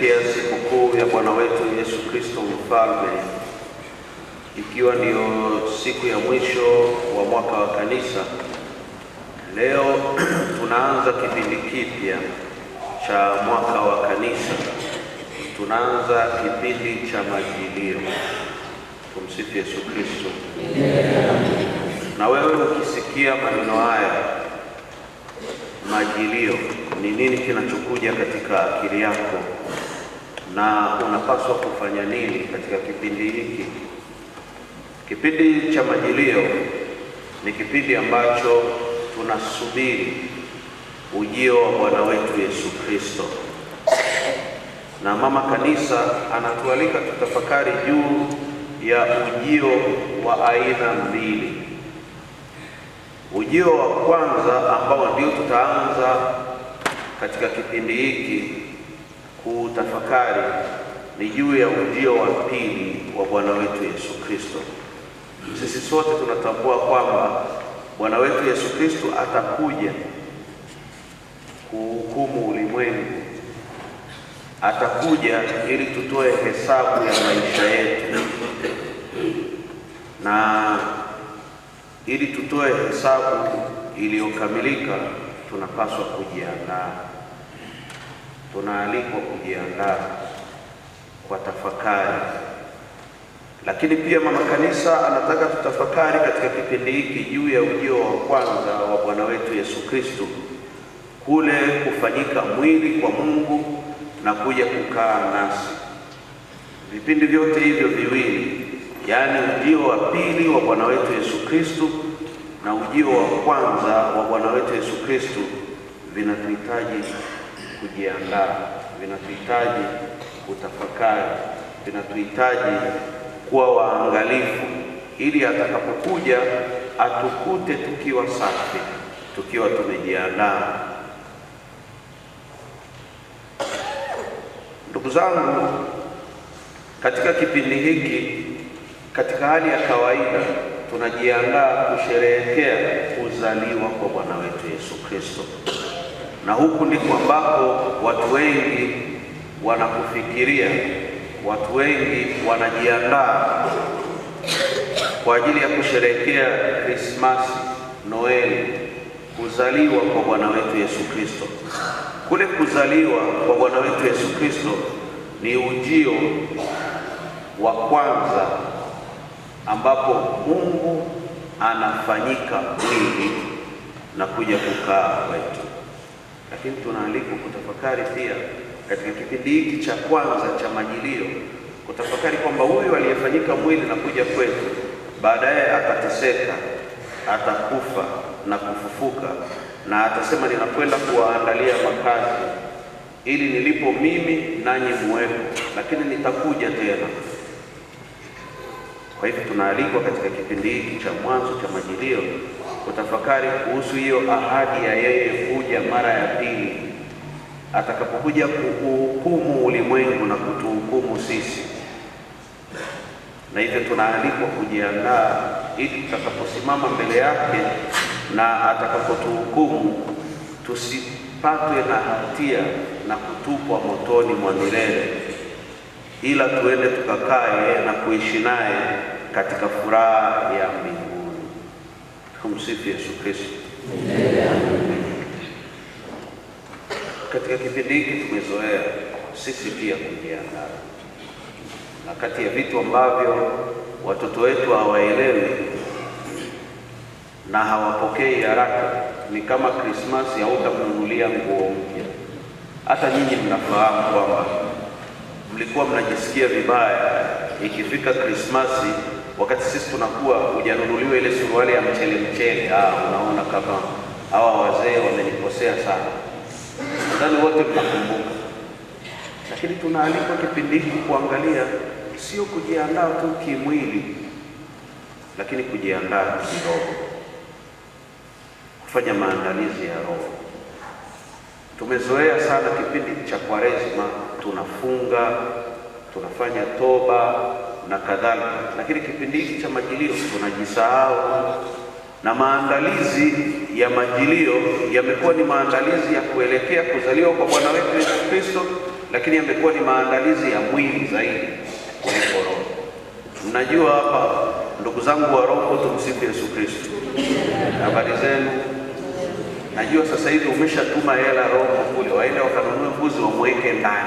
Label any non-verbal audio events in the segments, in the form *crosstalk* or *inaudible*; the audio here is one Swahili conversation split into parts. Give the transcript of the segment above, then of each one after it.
tunasherehekea sikukuu ya Bwana wetu Yesu Kristo Mfalme, ikiwa ndiyo siku ya mwisho wa mwaka wa kanisa. Leo *clears throat* tunaanza kipindi kipya cha mwaka wa kanisa, tunaanza kipindi cha majilio. Tumsifu Yesu Kristo. Na wewe ukisikia maneno haya majilio, ni nini kinachokuja katika akili yako? na unapaswa kufanya nini katika kipindi hiki. Kipindi cha Majilio ni kipindi ambacho tunasubiri ujio wa Bwana wetu Yesu Kristo, na mama kanisa anatualika tutafakari juu ya ujio wa aina mbili. Ujio wa kwanza ambao ndio tutaanza katika kipindi hiki kutafakari ni juu ya ujio wa pili wa Bwana wetu Yesu Kristo. Sisi sote tunatambua kwamba Bwana wetu Yesu Kristo atakuja kuhukumu ulimwengu, atakuja ili tutoe hesabu ya maisha yetu na ili tutoe hesabu iliyokamilika, tunapaswa kujiandaa tunaalikwa kujiandaa kwa tafakari, lakini pia mama kanisa anataka tutafakari katika kipindi hiki juu ya ujio wa kwanza wa Bwana wetu Yesu Kristo kule kufanyika mwili kwa Mungu na kuja kukaa nasi. Vipindi vyote hivyo viwili, yaani ujio wa pili wa Bwana wetu Yesu Kristo na ujio wa kwanza wa Bwana wetu Yesu Kristo vinatuhitaji kujiandaa, vinatuhitaji kutafakari, vinatuhitaji kuwa waangalifu, ili atakapokuja atukute tukiwa safi, tukiwa tumejiandaa. Ndugu zangu, katika kipindi hiki, katika hali ya kawaida tunajiandaa kusherehekea kuzaliwa kwa Bwana wetu Yesu Kristo na huku ndiko ambako watu wengi wanakufikiria, watu wengi wanajiandaa kwa ajili ya kusherehekea Krismasi, Noeli, kuzaliwa kwa Bwana wetu Yesu Kristo. Kule kuzaliwa kwa Bwana wetu Yesu Kristo ni ujio wa kwanza ambapo Mungu anafanyika mwili na kuja kukaa kwetu. Lakini tunaalikwa kutafakari pia katika kipindi hiki cha kwanza cha majilio, kutafakari kwamba huyu aliyefanyika mwili na kuja kwetu, baadaye atateseka, atakufa na kufufuka, na atasema ninakwenda kuwaandalia makazi, ili nilipo mimi nanyi muwepo, lakini nitakuja tena kwa hivyo tunaalikwa katika kipindi hiki cha mwanzo cha Majilio kutafakari kuhusu hiyo ahadi ya yeye kuja mara ya pili atakapokuja kuuhukumu ulimwengu na kutuhukumu sisi, na hivyo tunaalikwa kujiandaa ili tutakaposimama mbele yake na atakapotuhukumu tusipatwe na hatia na kutupwa motoni mwa milele ila tuende tukakae na kuishi naye katika furaha ya mbinguni. Tumsifu Yesu Kristo. Katika kipindi hiki tumezoea sisi pia kujiandaa, na kati ya vitu ambavyo watoto wetu hawaelewi na hawapokei haraka ni kama Krismasi, hautakununulia nguo mpya. Hata nyinyi mnafahamu kwamba mlikuwa mnajisikia vibaya ikifika Krismasi, wakati sisi tunakuwa hujanunuliwa ile suruali ya mchele mchele. Ah, unaona kama hawa wazee wamenikosea sana. Nadhani wote mnakumbuka, lakini tunaalikwa kipindi hiki kuangalia sio kujiandaa tu kimwili, lakini kujiandaa kiroho, kufanya maandalizi ya roho. Tumezoea sana kipindi cha Kwaresma tunafunga, tunafanya toba na kadhalika, lakini kipindi hiki cha majilio tunajisahau, na maandalizi ya majilio yamekuwa ni maandalizi ya kuelekea kuzaliwa kwa Bwana wetu Yesu Kristo, lakini yamekuwa ni maandalizi ya mwili zaidi kuliko roho. Mnajua hapa ndugu zangu wa roho, tumsifu Yesu Kristo. Habari zenu? Najua sasa hivi umeshatuma hela roho kule, waende wakanunue mbuzi wamweke ndani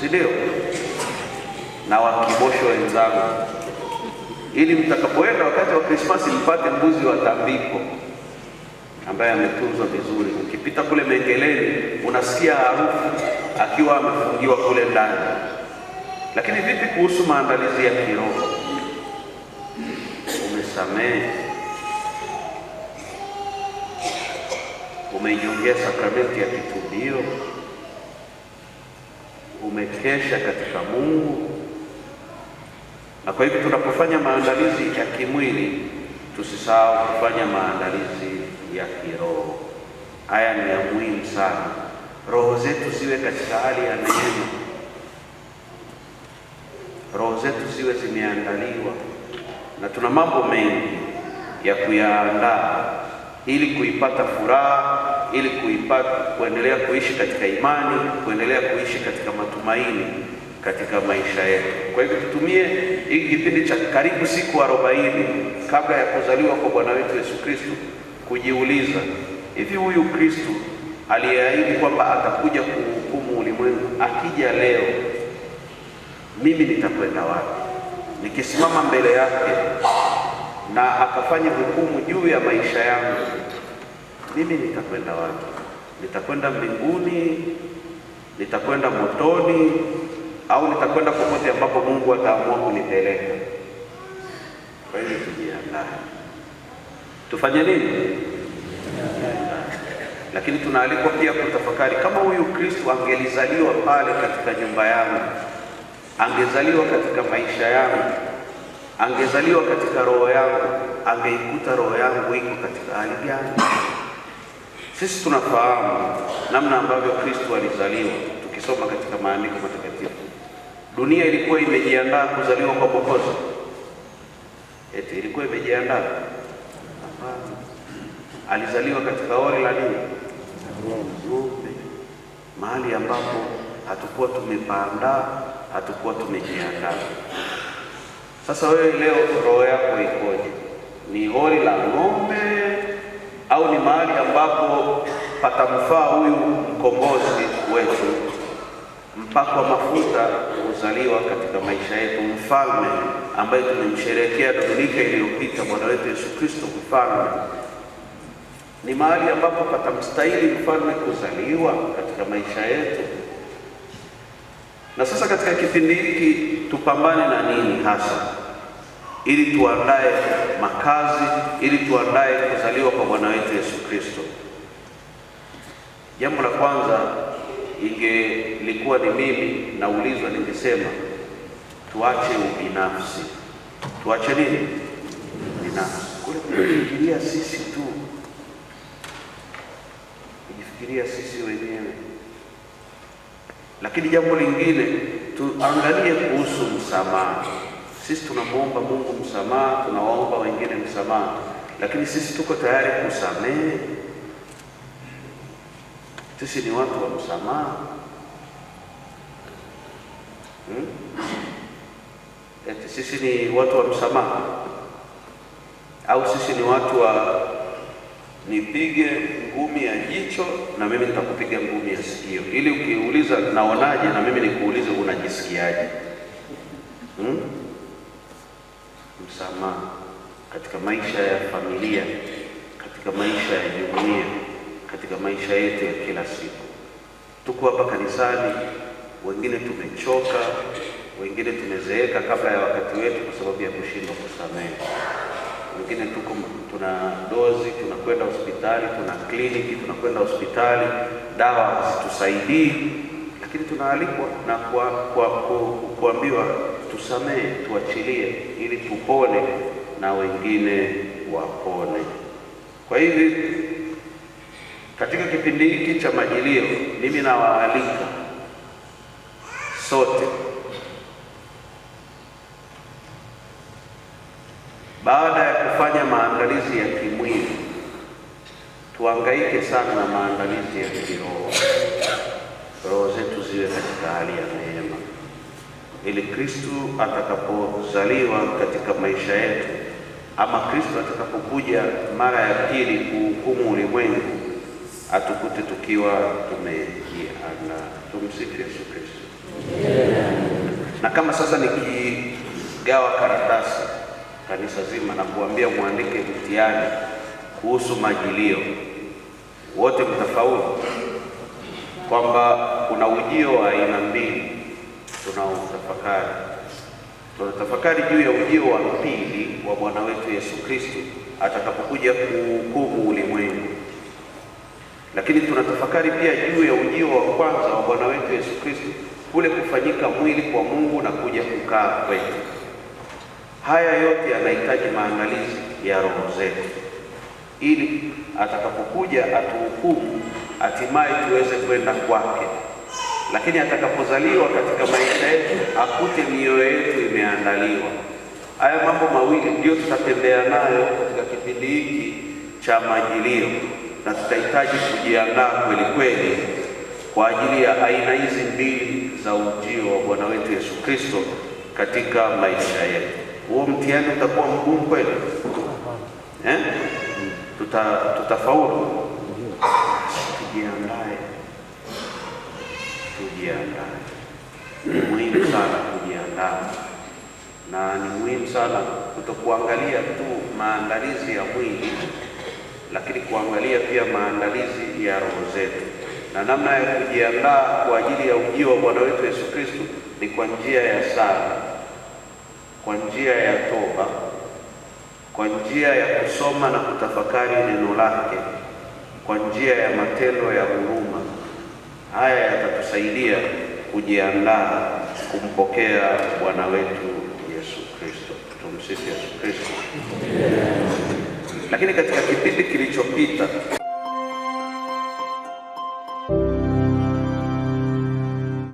si Na wakibosho wenzangu, ili mtakapoenda wakati wa Krismasi mpate mbuzi wa tambiko ambaye ametunzwa vizuri. Ukipita kule Mengeleni unasikia harufu akiwa amefungiwa kule ndani. Lakini vipi kuhusu maandalizi ya kiroho? Umesamehe? umenyongea sakramenti ya kitubio? umekesha katika Mungu, na kwa hivyo tunapofanya maandalizi ya kimwili tusisahau kufanya maandalizi ya kiroho. Haya ni ya muhimu sana, roho zetu ziwe katika hali ya neema, roho zetu ziwe zimeandaliwa, na tuna mambo mengi ya kuyaandaa ili kuipata furaha ili kuipata kuendelea kuishi katika imani, kuendelea kuishi katika matumaini katika maisha yetu. Kwa hivyo tutumie hiki kipindi cha karibu siku arobaini kabla ya kuzaliwa kwa Bwana wetu Yesu Kristo kujiuliza, hivi huyu Kristo aliyeahidi kwamba atakuja kuhukumu ulimwengu, akija leo mimi nitakwenda wapi? Nikisimama mbele yake na akafanya hukumu juu ya maisha yangu mimi nitakwenda wapi? Nitakwenda mbinguni? Nitakwenda motoni? Au nitakwenda popote ambapo Mungu ataamua kunipeleka? Kwa hiyo tujiandae, tufanye nini? Lakini tunaalikwa pia kutafakari, kama huyu Kristo angelizaliwa pale katika nyumba yangu, angezaliwa katika maisha yangu, angezaliwa katika roho yangu, angeikuta roho yangu iko katika hali gani? Sisi tunafahamu namna ambavyo Kristo alizaliwa. Tukisoma katika maandiko matakatifu, dunia ilikuwa imejiandaa kuzaliwa kwa Mwokozi? Eti ilikuwa imejiandaa? Hapana, alizaliwa katika ori la nini? Ng'ombe, mahali ambapo hatukuwa tumepaandaa, hatukuwa tumejiandaa. Sasa wewe leo roho yako ikoje? Ni ori la ng'ombe au ni mahali ambapo patamfaa huyu mkombozi wetu, mpaka wa mafuta kuzaliwa katika maisha yetu, mfalme ambaye tumemsherehekea Dominika iliyopita, Bwana wetu Yesu Kristo mfalme. Ni mahali ambapo patamstahili mfalme kuzaliwa katika maisha yetu. Na sasa katika kipindi hiki tupambane na nini hasa? ili tuandae makazi, ili tuandae kuzaliwa kwa Bwana wetu Yesu Kristo. Jambo la kwanza, ingelikuwa ni mimi naulizwa, ningesema tuache ubinafsi. Tuache nini? Binafsi kule kujifikiria sisi tu, kujifikiria sisi wenyewe. Lakini jambo lingine tuangalie kuhusu msamaha sisi tunamwomba Mungu msamaha, tunawaomba wengine msamaha, lakini sisi tuko tayari kusamehe. Sisi ni watu wa msamaha hmm? Eti sisi ni watu wa msamaha au sisi ni watu wa nipige ngumi ya jicho na mimi nitakupiga ngumi ya sikio, ili ukiuliza naonaje, na mimi nikuulize unajisikiaje? hmm? msamaha katika maisha ya familia, katika maisha ya jumuiya, katika maisha yetu ya kila siku. Tuko hapa kanisani, wengine tumechoka, wengine tumezeeka kabla ya wakati wetu kwa sababu ya kushindwa kusamehe, wengine tuko tuna dozi, tunakwenda hospitali, tuna kliniki, tunakwenda hospitali, dawa hazitusaidii, lakini tunaalikwa na kuambiwa tusamehe, tuachilie, ili tupone na wengine wapone. Kwa hivi katika kipindi hiki cha Majilio, mimi nawaalika sote, baada ya kufanya maandalizi ya kimwili, tuangaike sana na maandalizi ya kiroho, roho zetu ziwe katika hali ya neema ili Kristu atakapozaliwa katika maisha yetu ama Kristu atakapokuja mara ya pili kuhukumu ulimwengu atukute tukiwa tumejianda Tumsifu Yesu Kristu. Na kama sasa nikigawa karatasi kanisa zima na kuambia mwandike mtihani kuhusu majilio, wote mtafaulu, kwamba kuna ujio wa aina mbili tunaotafakari. Tunatafakari juu ya ujio wa pili wa Bwana wetu Yesu Kristo atakapokuja kuhukumu ulimwengu, lakini tunatafakari pia juu ya ujio wa kwanza wa Bwana wetu Yesu Kristo, kule kufanyika mwili kwa Mungu na kuja kukaa kwetu. Haya yote yanahitaji maandalizi ya roho zetu, ili atakapokuja atuhukumu, hatimaye tuweze kwenda kwake lakini atakapozaliwa katika maisha yetu akute mioyo yetu imeandaliwa. Haya mambo mawili ndio tutatembea nayo katika kipindi hiki cha Majilio, na tutahitaji kujiandaa kweli kweli kwa ajili ya aina hizi mbili za ujio wa Bwana wetu Yesu Kristo katika maisha yetu. Huo mtihani utakuwa mgumu kweli eh? Tuta, tutafaulu kujiandaa. Ni muhimu sana kujiandaa, na ni muhimu sana kutokuangalia tu maandalizi ya mwili, lakini kuangalia pia maandalizi ya roho zetu, na namna ya kujiandaa kwa ajili ya ujio wa Bwana wetu Yesu Kristo ni kwa njia ya sala, kwa njia ya toba, kwa njia ya kusoma na kutafakari neno lake, kwa njia ya matendo ya huruma Haya yatatusaidia kujiandaa kumpokea Bwana wetu Yesu Kristo. Tumsifu Yesu Kristo. Lakini katika kipindi kilichopita